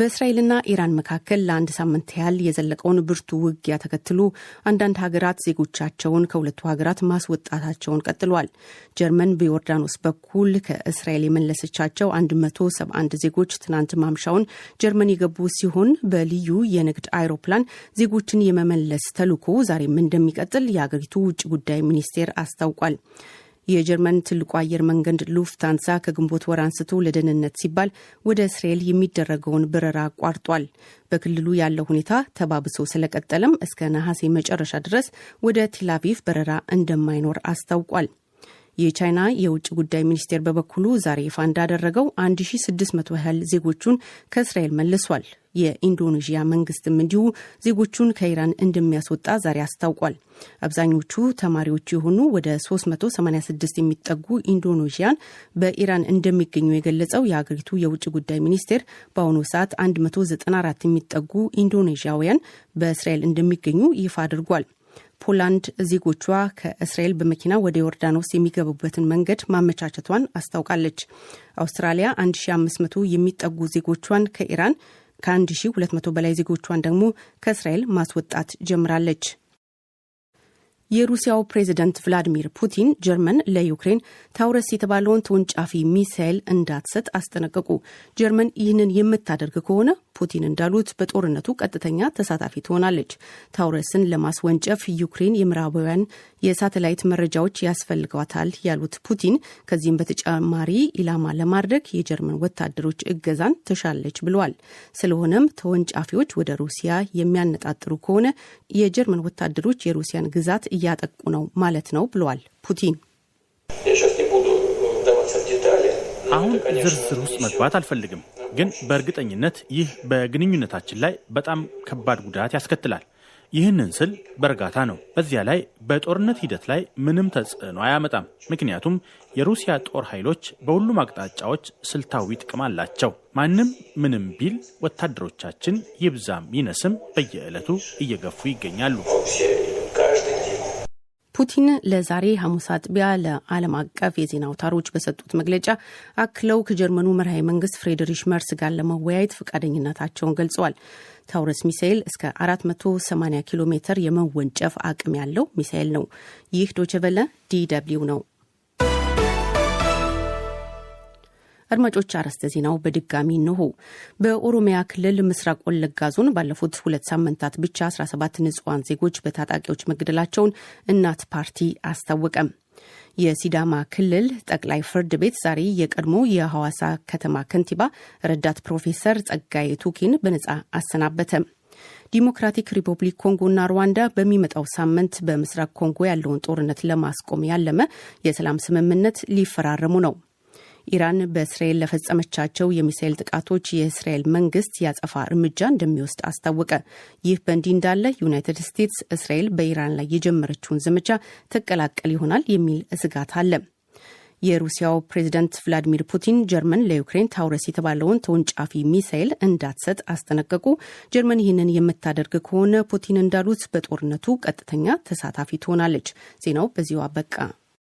በእስራኤልና ኢራን መካከል ለአንድ ሳምንት ያህል የዘለቀውን ብርቱ ውጊያ ተከትሎ አንዳንድ ሀገራት ዜጎቻቸውን ከሁለቱ ሀገራት ማስወጣታቸውን ቀጥሏል። ጀርመን በዮርዳኖስ በኩል ከእስራኤል የመለሰቻቸው 171 ዜጎች ትናንት ማምሻውን ጀርመን የገቡ ሲሆን በልዩ የንግድ አይሮፕላን ዜጎችን የመመለስ ተልዕኮ ዛሬም እንደሚቀጥል የአገሪቱ ውጭ ጉዳይ ሚኒስቴር አስታውቋል። የጀርመን ትልቁ አየር መንገድ ሉፍታንሳ ከግንቦት ወር አንስቶ ለደህንነት ሲባል ወደ እስራኤል የሚደረገውን በረራ አቋርጧል። በክልሉ ያለው ሁኔታ ተባብሶ ስለቀጠለም እስከ ነሐሴ መጨረሻ ድረስ ወደ ቴላቪቭ በረራ እንደማይኖር አስታውቋል። የቻይና የውጭ ጉዳይ ሚኒስቴር በበኩሉ ዛሬ ይፋ እንዳደረገው 1600 ያህል ዜጎቹን ከእስራኤል መልሷል። የኢንዶኔዥያ መንግስትም እንዲሁ ዜጎቹን ከኢራን እንደሚያስወጣ ዛሬ አስታውቋል። አብዛኞቹ ተማሪዎች የሆኑ ወደ 386 የሚጠጉ ኢንዶኔዥያን በኢራን እንደሚገኙ የገለጸው የሀገሪቱ የውጭ ጉዳይ ሚኒስቴር በአሁኑ ሰዓት 194 የሚጠጉ ኢንዶኔዥያውያን በእስራኤል እንደሚገኙ ይፋ አድርጓል። ፖላንድ ዜጎቿ ከእስራኤል በመኪና ወደ ዮርዳኖስ የሚገቡበትን መንገድ ማመቻቸቷን አስታውቃለች። አውስትራሊያ 1500 የሚጠጉ ዜጎቿን ከኢራን ከ1200 በላይ ዜጎቿን ደግሞ ከእስራኤል ማስወጣት ጀምራለች። የሩሲያው ፕሬዝደንት ቭላዲሚር ፑቲን ጀርመን ለዩክሬን ታውረስ የተባለውን ተወንጫፊ ሚሳይል እንዳትሰጥ አስጠነቀቁ። ጀርመን ይህንን የምታደርግ ከሆነ ፑቲን እንዳሉት በጦርነቱ ቀጥተኛ ተሳታፊ ትሆናለች። ታውረስን ለማስወንጨፍ ዩክሬን የምዕራባውያን የሳተላይት መረጃዎች ያስፈልጓታል ያሉት ፑቲን ከዚህም በተጨማሪ ኢላማ ለማድረግ የጀርመን ወታደሮች እገዛን ትሻለች ብለዋል። ስለሆነም ተወንጫፊዎች ወደ ሩሲያ የሚያነጣጥሩ ከሆነ የጀርመን ወታደሮች የሩሲያን ግዛት እያጠቁ ነው ማለት ነው ብለዋል ፑቲን። አሁን ዝርዝር ውስጥ መግባት አልፈልግም፣ ግን በእርግጠኝነት ይህ በግንኙነታችን ላይ በጣም ከባድ ጉዳት ያስከትላል። ይህንን ስል በእርጋታ ነው። በዚያ ላይ በጦርነት ሂደት ላይ ምንም ተጽዕኖ አያመጣም፣ ምክንያቱም የሩሲያ ጦር ኃይሎች በሁሉም አቅጣጫዎች ስልታዊ ጥቅም አላቸው። ማንም ምንም ቢል ወታደሮቻችን ይብዛም ይነስም በየዕለቱ እየገፉ ይገኛሉ። ፑቲን ለዛሬ ሐሙስ አጥቢያ ለዓለም አቀፍ የዜና አውታሮች በሰጡት መግለጫ አክለው ከጀርመኑ መርሃዊ መንግስት ፍሬድሪሽ መርስ ጋር ለመወያየት ፈቃደኝነታቸውን ገልጸዋል። ታውረስ ሚሳኤል እስከ 480 ኪሎ ሜትር የመወንጨፍ አቅም ያለው ሚሳኤል ነው። ይህ ዶችቨለ ዲ ደብልዩ ነው። አድማጮች አርዕስተ ዜናው በድጋሚ እንሆ። በኦሮሚያ ክልል ምስራቅ ወለጋ ዞን ባለፉት ሁለት ሳምንታት ብቻ 17 ንጹሐን ዜጎች በታጣቂዎች መገደላቸውን እናት ፓርቲ አስታወቀም። የሲዳማ ክልል ጠቅላይ ፍርድ ቤት ዛሬ የቀድሞ የሐዋሳ ከተማ ከንቲባ ረዳት ፕሮፌሰር ጸጋይ ቱኪን በነጻ አሰናበተ። ዲሞክራቲክ ሪፐብሊክ ኮንጎ ና ሩዋንዳ በሚመጣው ሳምንት በምስራቅ ኮንጎ ያለውን ጦርነት ለማስቆም ያለመ የሰላም ስምምነት ሊፈራረሙ ነው። ኢራን በእስራኤል ለፈጸመቻቸው የሚሳኤል ጥቃቶች የእስራኤል መንግስት ያጸፋ እርምጃ እንደሚወስድ አስታወቀ። ይህ በእንዲህ እንዳለ ዩናይትድ ስቴትስ እስራኤል በኢራን ላይ የጀመረችውን ዘመቻ ትቀላቀል ይሆናል የሚል ስጋት አለ። የሩሲያው ፕሬዚደንት ቭላዲሚር ፑቲን ጀርመን ለዩክሬን ታውረስ የተባለውን ተወንጫፊ ሚሳይል እንዳትሰጥ አስጠነቀቁ። ጀርመን ይህንን የምታደርግ ከሆነ ፑቲን እንዳሉት በጦርነቱ ቀጥተኛ ተሳታፊ ትሆናለች። ዜናው በዚሁ አበቃ።